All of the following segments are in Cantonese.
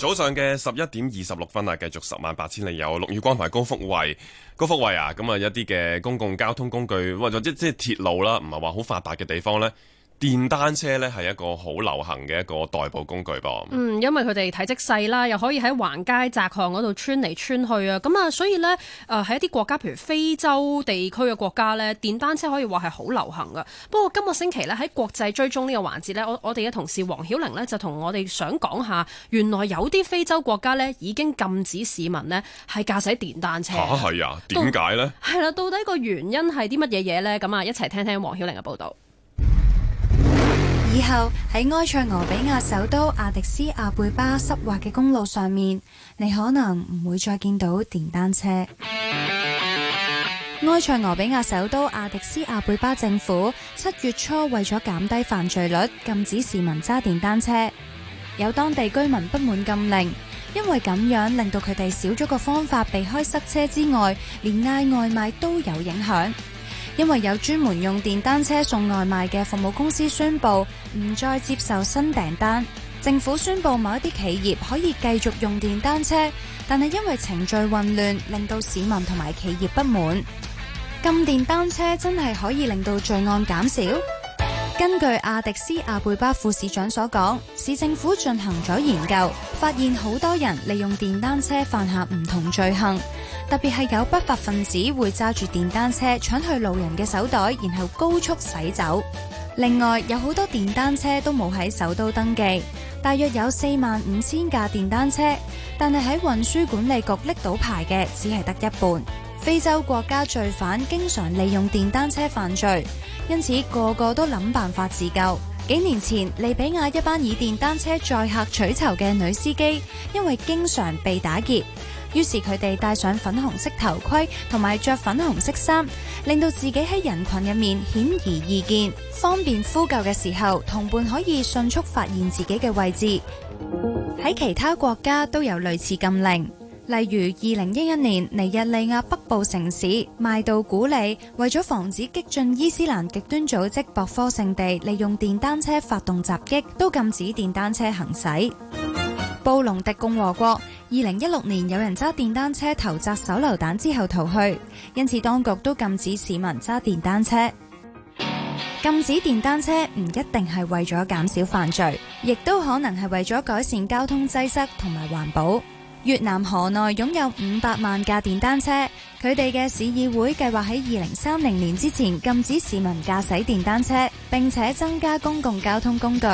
早上嘅十一點二十六分啊，繼續十萬八千里有，陸宇光同埋高福衛、高福衛啊，咁啊一啲嘅公共交通工具，或者即係鐵路啦，唔係話好發達嘅地方呢。電單車呢係一個好流行嘅一個代步工具噃。嗯，因為佢哋體積細啦，又可以喺橫街窄巷嗰度穿嚟穿去啊。咁啊，所以呢，誒、呃、喺一啲國家，譬如非洲地區嘅國家呢，電單車可以話係好流行噶。不過今個星期呢，喺國際追蹤呢個環節呢，我我哋嘅同事黃曉玲呢，就同我哋想講下，原來有啲非洲國家呢，已經禁止市民呢，係駕駛電單車。吓係啊？點解、啊、呢？係啦、啊，到底個原因係啲乜嘢嘢呢？咁啊，一齊聽聽黃曉玲嘅報道。以後喺埃塞俄比亞首都亞迪斯亞貝巴濕滑嘅公路上面，你可能唔會再見到電單車。 埃塞俄比亞首都亞迪斯亞貝巴政府七月初為咗減低犯罪率，禁止市民揸電單車。有當地居民不滿禁令，因為咁樣令到佢哋少咗個方法避開塞車之外，連嗌外賣都有影響。因為有專門用電單車送外賣嘅服務公司宣布唔再接受新訂單，政府宣布某一啲企業可以繼續用電單車，但係因為程序混亂，令到市民同埋企業不滿。禁電單車真係可以令到罪案減少？根據阿迪斯阿貝巴副市長所講，市政府進行咗研究，發現好多人利用電單車犯下唔同罪行，特別係有不法分子會揸住電單車搶去路人嘅手袋，然後高速駛走。另外，有好多電單車都冇喺首都登記，大約有四萬五千架電單車，但係喺運輸管理局拎到牌嘅只係得一半。非洲國家罪犯經常利用電單車犯罪。因此，個個都諗辦法自救。幾年前，利比亞一班以電單車載客取酬嘅女司機，因為經常被打劫，於是佢哋戴上粉紅色頭盔，同埋着粉紅色衫，令到自己喺人群入面顯而易見，方便呼救嘅時候，同伴可以迅速發現自己嘅位置。喺其他國家都有類似禁令。例如，二零一一年尼日利亞北部城市邁道古里，為咗防止激進伊斯蘭極端組織博科聖地，利用電單車發動襲擊，都禁止電單車行駛。布隆迪共和國二零一六年有人揸電單車投擲手榴彈之後逃去，因此當局都禁止市民揸電單車。禁止電單車唔一定係為咗減少犯罪，亦都可能係為咗改善交通擠塞同埋環保。越南河內擁有五百萬架電單車，佢哋嘅市議會計劃喺二零三零年之前禁止市民駕駛電單車，並且增加公共交通工具。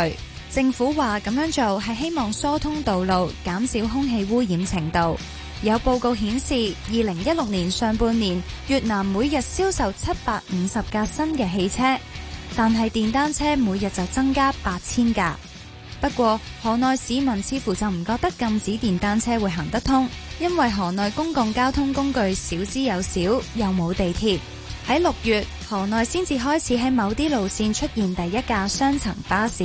政府話咁樣做係希望疏通道路，減少空氣污染程度。有報告顯示，二零一六年上半年越南每日銷售七百五十架新嘅汽車，但係電單車每日就增加八千架。不過，河內市民似乎就唔覺得禁止電單車會行得通，因為河內公共交通工具少之又少，又冇地鐵。喺六月，河內先至開始喺某啲路線出現第一架雙層巴士。